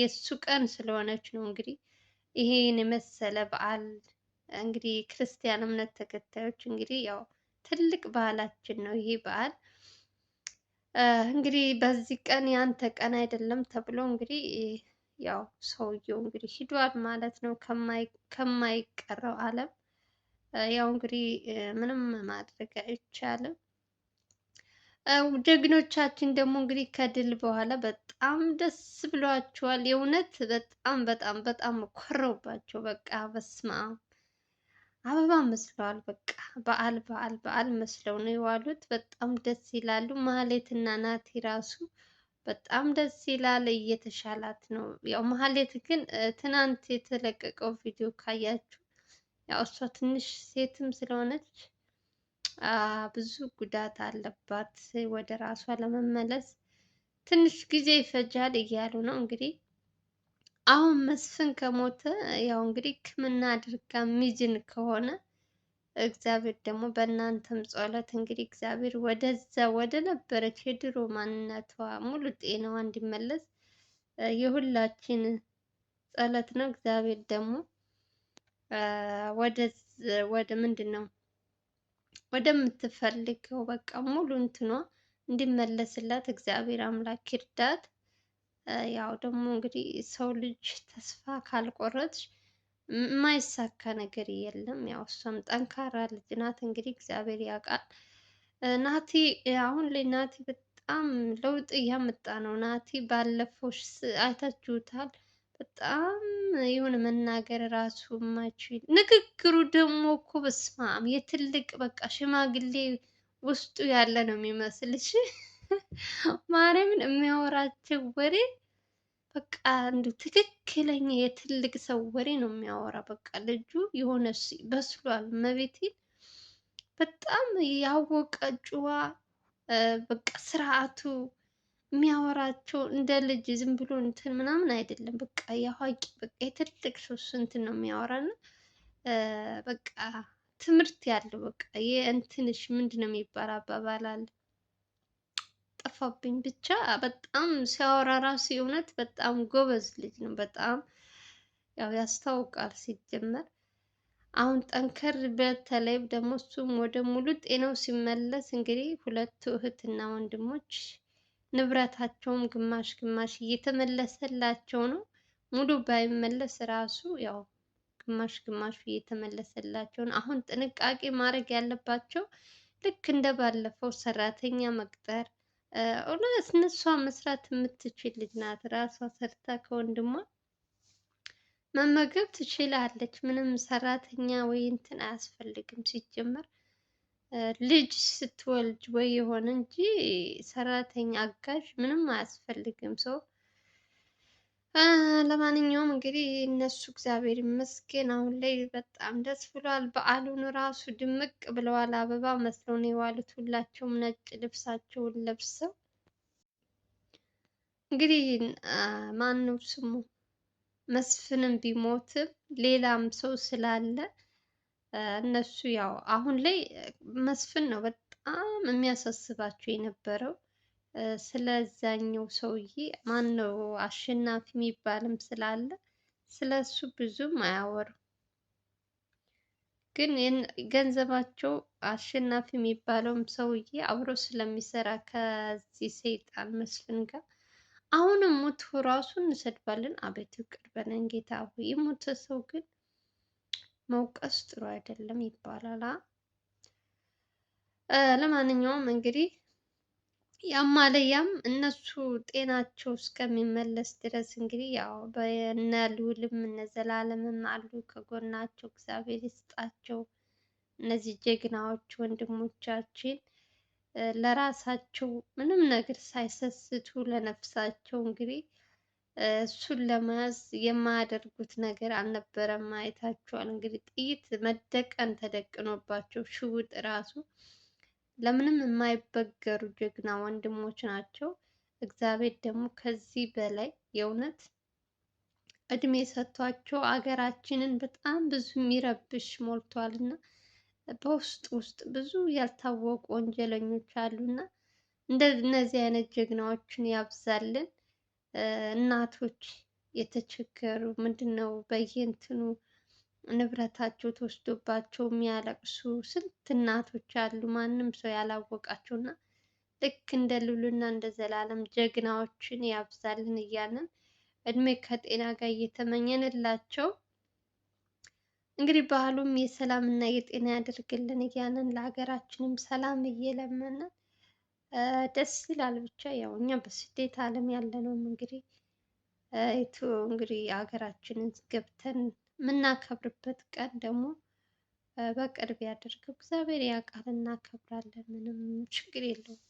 የእሱ ቀን ስለሆነች ነው እንግዲህ ይሄን የመሰለ በዓል እንግዲህ ክርስቲያን እምነት ተከታዮች እንግዲህ ያው ትልቅ በዓላችን ነው ይሄ በዓል። እንግዲህ በዚህ ቀን ያንተ ቀን አይደለም ተብሎ እንግዲህ ያው ሰውየው እንግዲህ ሂዷል ማለት ነው ከማይቀረው ዓለም። ያው እንግዲህ ምንም ማድረግ አይቻልም። ጀግኖቻችን ደግሞ እንግዲህ ከድል በኋላ በጣም ደስ ብሏቸዋል። የእውነት በጣም በጣም በጣም ኮረውባቸው። በቃ በስመ አብ አበባ መስለዋል። በቃ በዓል በዓል በዓል መስለው ነው የዋሉት። በጣም ደስ ይላሉ። ማህሌትና ናቲ ራሱ በጣም ደስ ይላል። እየተሻላት ነው። ያው ማህሌት ግን ትናንት የተለቀቀው ቪዲዮ ካያችሁ ያው እሷ ትንሽ ሴትም ስለሆነች ብዙ ጉዳት አለባት ወደ ራሷ ለመመለስ ትንሽ ጊዜ ይፈጃል እያሉ ነው እንግዲህ። አሁን መስፍን ከሞተ ያው እንግዲህ ሕክምና አድርጋ ሚዝን ከሆነ እግዚአብሔር ደግሞ በእናንተም ጸሎት እንግዲህ እግዚአብሔር ወደዛ ወደ ነበረች የድሮ ማንነቷ ሙሉ ጤናዋ እንዲመለስ የሁላችን ጸሎት ነው። እግዚአብሔር ደግሞ ወደ ምንድን ነው ወደምትፈልገው በቃ ሙሉ እንትኗ እንዲመለስላት እግዚአብሔር አምላክ ይርዳት። ያው ደግሞ እንግዲህ ሰው ልጅ ተስፋ ካልቆረጥሽ የማይሳካ ነገር የለም። ያው እሷም ጠንካራ ልጅ ናት። እንግዲህ እግዚአብሔር ያውቃል። ናቲ አሁን ላይ ናቲ በጣም ለውጥ እያመጣ ነው። ናቲ ባለፈው አይታችሁታል። በጣም የሆነ መናገር ራሱ የማይችል ንግግሩ ደግሞ እኮ በስማም የትልቅ በቃ ሽማግሌ ውስጡ ያለ ነው እሺ ማርያምን የሚያወራቸው ወሬ በቃ እንዱ ትክክለኛ የትልቅ ሰው ወሬ ነው የሚያወራ። በቃ ልጁ የሆነ በስሏል። መቤቴ በጣም ያወቀ ጭዋ በቃ ስርዓቱ የሚያወራቸው እንደ ልጅ ዝም ብሎ እንትን ምናምን አይደለም። በቃ የአዋቂ በቃ የትልቅ ሰው እንትን ነው የሚያወራ እና በቃ ትምህርት ያለው በቃ እንትንሽ ምንድን ነው የሚባለው አባባል አለ ጠፋብኝ። ብቻ በጣም ሲያወራ ራሱ እውነት በጣም ጎበዝ ልጅ ነው። በጣም ያው ያስታውቃል ሲጀመር። አሁን ጠንከር በተለይ ደግሞ እሱም ወደ ሙሉ ጤናው ሲመለስ እንግዲህ ሁለቱ እህትና ወንድሞች ንብረታቸውም ግማሽ ግማሽ እየተመለሰላቸው ነው። ሙሉ ባይመለስ ራሱ ያው ግማሽ ግማሽ እየተመለሰላቸውን አሁን ጥንቃቄ ማድረግ ያለባቸው ልክ እንደ ባለፈው ሰራተኛ መቅጠር እውነት እነሷ መስራት የምትችል ልጅ ናት። ራሷ ሰርታ ከወንድሟ መመገብ ትችላለች። ምንም ሰራተኛ ወይ እንትን አያስፈልግም። ሲጀመር ልጅ ስትወልድ ወይ የሆነ እንጂ ሰራተኛ አጋዥ ምንም አያስፈልግም ሰው ለማንኛውም እንግዲህ እነሱ እግዚአብሔር ይመስገን አሁን ላይ በጣም ደስ ብሏል። በዓሉን ራሱ ድምቅ ብለዋል። አበባ መስለው ነው የዋሉት። ሁላቸውም ነጭ ልብሳቸውን ለብሰው እንግዲህ ማነው ስሙ መስፍንም ቢሞትም ሌላም ሰው ስላለ እነሱ ያው አሁን ላይ መስፍን ነው በጣም የሚያሳስባቸው የነበረው ስለዛኛው ሰውዬ ማን ነው አሸናፊ የሚባልም ስላለ ስለ እሱ ብዙም አያወሩም። ግን ገንዘባቸው አሸናፊ የሚባለውም ሰውዬ አብሮ ስለሚሰራ ከዚህ ሰይጣን መስፍን ጋር አሁንም ሙት ራሱ እንሰድባለን። አቤት ይቅር በለን ጌታ ሆይ። የሞተ ሰው ግን መውቀስ ጥሩ አይደለም ይባላል። ለማንኛውም እንግዲህ ያም አለ ያም እነሱ ጤናቸው እስከሚመለስ ድረስ እንግዲህ ያው በነ ልዑልም እነ ዘላለምም አሉ ከጎናቸው፣ እግዚአብሔር ይስጣቸው። እነዚህ ጀግናዎች ወንድሞቻችን ለራሳቸው ምንም ነገር ሳይሰስቱ ለነፍሳቸው እንግዲህ እሱን ለመያዝ የማያደርጉት ነገር አልነበረም። አይታችኋል እንግዲህ ጥይት መደቀን ተደቅኖባቸው ሽውጥ ራሱ ለምንም የማይበገሩ ጀግና ወንድሞች ናቸው። እግዚአብሔር ደግሞ ከዚህ በላይ የእውነት እድሜ ሰጥቷቸው አገራችንን በጣም ብዙ የሚረብሽ ሞልቷል እና በውስጥ ውስጥ ብዙ ያልታወቁ ወንጀለኞች እንደ እነዚህ አይነት ጀግናዎችን ያብዛልን። እናቶች የተቸገሩ ምንድን ነው በየእንትኑ ንብረታቸው ተወስዶባቸው የሚያለቅሱ ስንት እናቶች አሉ፣ ማንም ሰው ያላወቃቸው እና ልክ እንደ ሉልና እንደ ዘላለም ጀግናዎችን ያብዛልን እያልን እድሜ ከጤና ጋር እየተመኘንላቸው እንግዲህ ባህሉም የሰላም እና የጤና ያደርግልን እያለን ለሀገራችንም ሰላም እየለመንን ደስ ይላል። ብቻ ያው እኛ በስደት ዓለም ያለ ነው እንግዲህ እንግዲህ ሀገራችንን ገብተን የምናከብርበት ቀን ደግሞ በቅርብ ያደርገው። እግዚአብሔር ያውቃል፣ እናከብራለን። ምንም ችግር የለውም።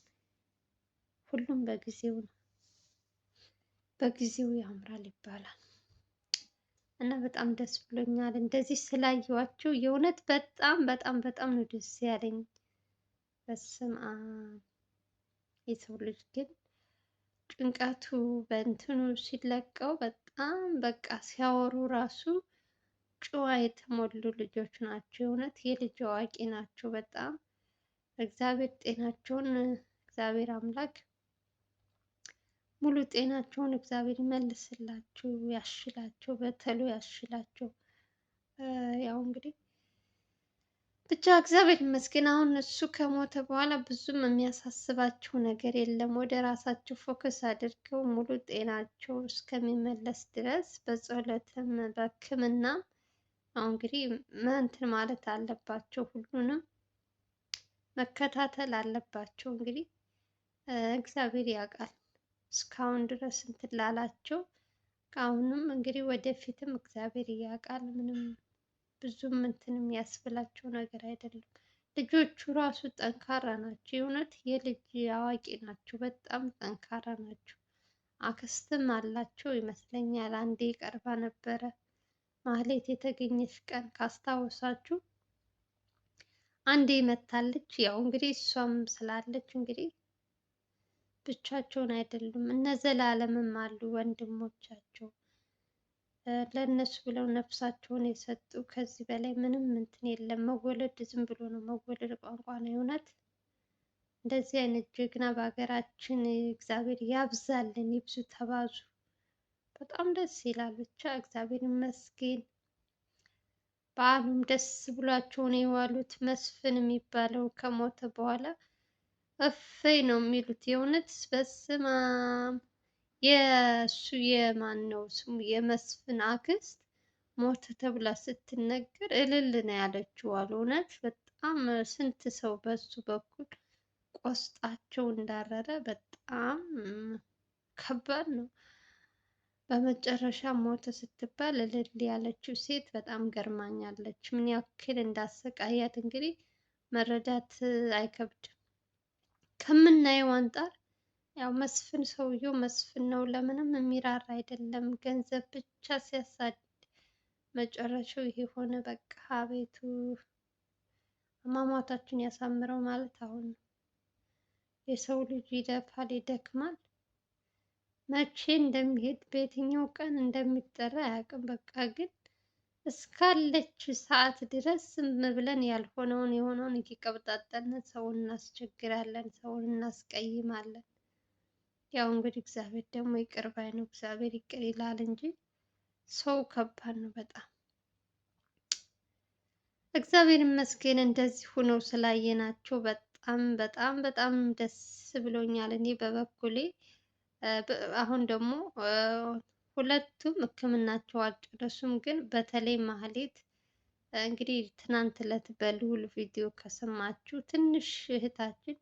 ሁሉም በጊዜው ነው፣ በጊዜው ያምራል ይባላል። እና በጣም ደስ ብሎኛል እንደዚህ ስላየኋቸው። የእውነት በጣም በጣም በጣም ነው ደስ ያለኝ። በስመ አብ የሰው ልጅ ግን ጭንቀቱ በእንትኑ ሲለቀው በጣም በቃ ሲያወሩ ራሱ ጭዋ የተሞሉ ልጆች ናቸው። እውነት የልጅ አዋቂ ናቸው። በጣም እግዚአብሔር ጤናቸውን እግዚአብሔር አምላክ ሙሉ ጤናቸውን እግዚአብሔር ይመልስላቸው፣ ያሽላቸው፣ በተሎ ያሽላቸው። ያው እንግዲህ ብቻ እግዚአብሔር ይመስገን አሁን እሱ ከሞተ በኋላ ብዙም የሚያሳስባችሁ ነገር የለም። ወደ ራሳቸው ፎከስ አድርገው ሙሉ ጤናቸው እስከሚመለስ ድረስ በጸሎትም በሕክምና አሁን እንግዲህ መንትን ማለት አለባቸው፣ ሁሉንም መከታተል አለባቸው። እንግዲህ እግዚአብሔር ያውቃል እስካሁን ድረስ እንትን ላላቸው፣ አሁንም እንግዲህ ወደፊትም እግዚአብሔር ያውቃል ምንም ብዙም እንትን የሚያስብላቸው ነገር አይደለም። ልጆቹ ራሱ ጠንካራ ናቸው። የእውነት የልጅ አዋቂ ናቸው። በጣም ጠንካራ ናቸው። አክስትም አላቸው ይመስለኛል። አንዴ ቀርባ ነበረ ማህሌት የተገኘች ቀን ካስታወሳችሁ አንዴ መታለች። ያው እንግዲህ እሷም ስላለች እንግዲህ ብቻቸውን አይደሉም። እነ ዘላለምም አሉ ወንድሞቻቸው ለእነሱ ብለው ነፍሳቸውን የሰጡ ከዚህ በላይ ምንም እንትን የለም። መወለድ ዝም ብሎ ነው መወለድ ቋንቋ ነው። የእውነት እንደዚህ አይነት ጀግና በሀገራችን እግዚአብሔር ያብዛልን፣ ይብዙ፣ ተባዙ። በጣም ደስ ይላል። ብቻ እግዚአብሔር ይመስገን። በዓሉም ደስ ብሏቸው ነው የዋሉት። መስፍን የሚባለው ከሞተ በኋላ እፍይ ነው የሚሉት የእውነት በስመ አብ የእሱ የማን ነው ስሙ የመስፍን አክስት ሞተ ተብላ ስትነገር እልል ነው ያለችው። እውነት በጣም ስንት ሰው በሱ በኩል ቆስጣቸው እንዳረረ በጣም ከባድ ነው። በመጨረሻ ሞተ ስትባል እልል ያለችው ሴት በጣም ገርማኛለች። ምን ያክል እንዳሰቃያት እንግዲህ መረዳት አይከብድም ከምናየው አንጻር ያው መስፍን ሰውየው መስፍን ነው። ለምንም የሚራራ አይደለም። ገንዘብ ብቻ ሲያሳድ መጨረሻው ይሄ ሆነ። በቃ አቤቱ አሟሟታችን ያሳምረው ማለት አሁን ነው። የሰው ልጅ ይደፋል፣ ይደክማል። መቼ እንደሚሄድ በየትኛው ቀን እንደሚጠራ አያውቅም። በቃ ግን እስካለች ሰዓት ድረስ ዝም ብለን ያልሆነውን የሆነውን እየቀብጣጠን ሰውን እናስቸግራለን፣ ሰውን እናስቀይማለን። ያው እንግዲህ እግዚአብሔር ደግሞ ይቅር ባይ ነው። እግዚአብሔር ይቅር ይላል እንጂ ሰው ከባድ ነው በጣም። እግዚአብሔር ይመስገን እንደዚህ ሆነው ስላየናቸው በጣም በጣም በጣም ደስ ብሎኛል። እኔ በበኩሌ አሁን ደግሞ ሁለቱም ሕክምናቸው አልጨረሱም፣ ግን በተለይ ማህሌት እንግዲህ ትናንት ዕለት በልዑል ቪዲዮ ከሰማችሁ ትንሽ እህታችን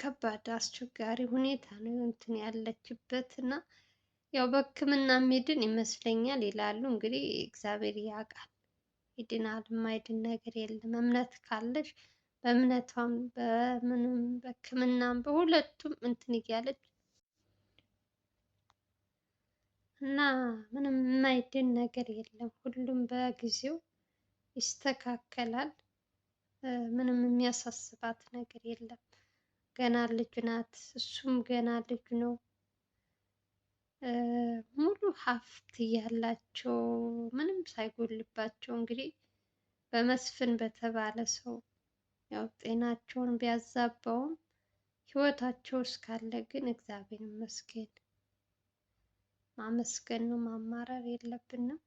ከባድ አስቸጋሪ ሁኔታ ነው እንትን ያለችበት እና ያው በሕክምና የሚድን ይመስለኛል ይላሉ። እንግዲህ እግዚአብሔር ያውቃል። ይድናል፣ የማይድን ነገር የለም። እምነት ካለሽ በእምነቷም በምንም በሕክምናም በሁለቱም እንትን እያለች እና ምንም የማይድን ነገር የለም። ሁሉም በጊዜው ይስተካከላል። ምንም የሚያሳስባት ነገር የለም። ገና ልጅ ናት፣ እሱም ገና ልጅ ነው። ሙሉ ሀብት እያላቸው ምንም ሳይጎልባቸው እንግዲህ በመስፍን በተባለ ሰው ያው ጤናቸውን ቢያዛባውም ህይወታቸው እስካለ ግን እግዚአብሔር ይመስገን። ማመስገን ነው ማማረር የለብንም።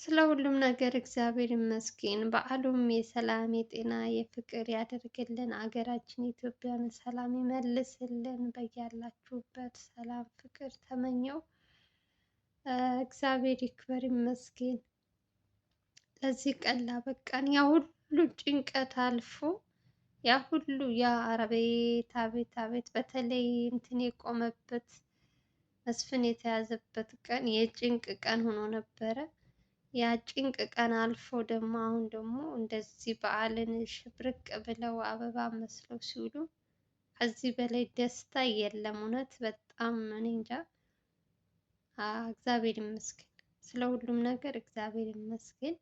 ስለ ሁሉም ነገር እግዚአብሔር ይመስገን። በዓሉም የሰላም የጤና የፍቅር ያደርግልን። አገራችን ኢትዮጵያን ሰላም ይመልስልን። በያላችሁበት ሰላም ፍቅር ተመኘው። እግዚአብሔር ይክበር ይመስገን። ለዚህ ቀን ላበቃን ያ ሁሉ ጭንቀት አልፎ ያ ሁሉ ያ አቤት አቤት አቤት በተለይ እንትን የቆመበት መስፍን የተያዘበት ቀን የጭንቅ ቀን ሆኖ ነበረ። ያ ጭንቅ ቀን አልፎ ደግሞ አሁን ደግሞ እንደዚህ በዓልን ሽብርቅ ብለው አበባ መስለው ሲውሉ ከዚህ በላይ ደስታ የለም። እውነት በጣም እኔ እንጃ። እግዚአብሔር ይመስገን ስለ ሁሉም ነገር እግዚአብሔር ይመስገን።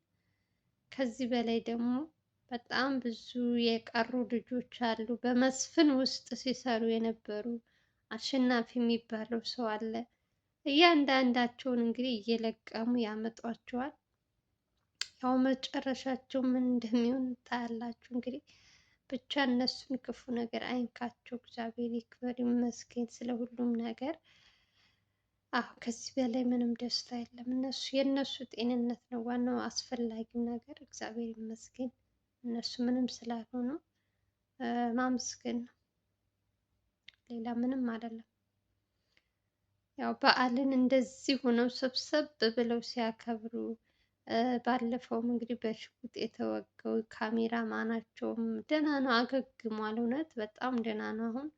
ከዚህ በላይ ደግሞ በጣም ብዙ የቀሩ ልጆች አሉ። በመስፍን ውስጥ ሲሰሩ የነበሩ አሸናፊ የሚባለው ሰው አለ። እያንዳንዳቸውን እንግዲህ እየለቀሙ ያመጧቸዋል። ያው መጨረሻቸው ምን እንደሚሆን ታያላችሁ። እንግዲህ ብቻ እነሱን ክፉ ነገር አይንካቸው። እግዚአብሔር ይክበር ይመስገን ስለ ሁሉም ነገር። አዎ ከዚህ በላይ ምንም ደስታ የለም። እነሱ የእነሱ ጤንነት ነው ዋናው አስፈላጊው ነገር። እግዚአብሔር ይመስገን እነሱ ምንም ስላልሆኑ ማመስገን ነው፣ ሌላ ምንም አይደለም። ያው በዓልን እንደዚህ ሆነው ሰብሰብ ብለው ሲያከብሩ ባለፈውም እንግዲህ በሽጉጥ የተወገው ካሜራ ማናቸውም ደህና ነው፣ አገግሟል። እውነት በጣም ደህና ነው። አሁን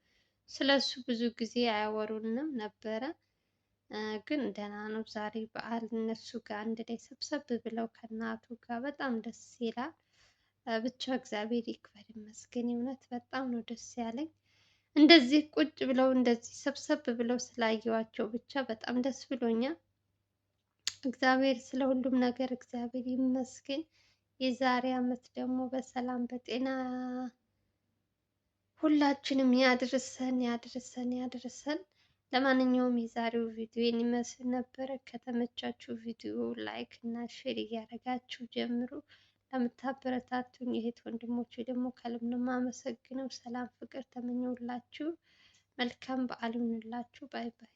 ስለሱ ብዙ ጊዜ አያወሩንም ነበረ፣ ግን ደህና ነው። ዛሬ በዓል እነሱ ጋር አንድ ላይ ሰብሰብ ብለው ከእናቱ ጋር በጣም ደስ ይላል። ብቻ እግዚአብሔር ይክበር ይመስገን። እውነት በጣም ነው ደስ ያለኝ። እንደዚህ ቁጭ ብለው እንደዚህ ሰብሰብ ብለው ስላየዋቸው ብቻ በጣም ደስ ብሎኛል። እግዚአብሔር ስለ ሁሉም ነገር እግዚአብሔር ይመስገን። የዛሬ ዓመት ደግሞ በሰላም በጤና ሁላችንም ያድርሰን ያድርሰን ያድርሰን። ለማንኛውም የዛሬው ቪዲዮ ይመስል ነበረ። ከተመቻችሁ ቪዲዮ ላይክ እና ሼር እያደረጋችሁ ጀምሩ። ለምታበረታቱኝ እህት ወንድሞቼ ደግሞ ከልብ ነው የማመሰግነው። ሰላም ፍቅር ተመኘሁላችሁ። መልካም በዓል ይሁንላችሁ። ባይ ባይ።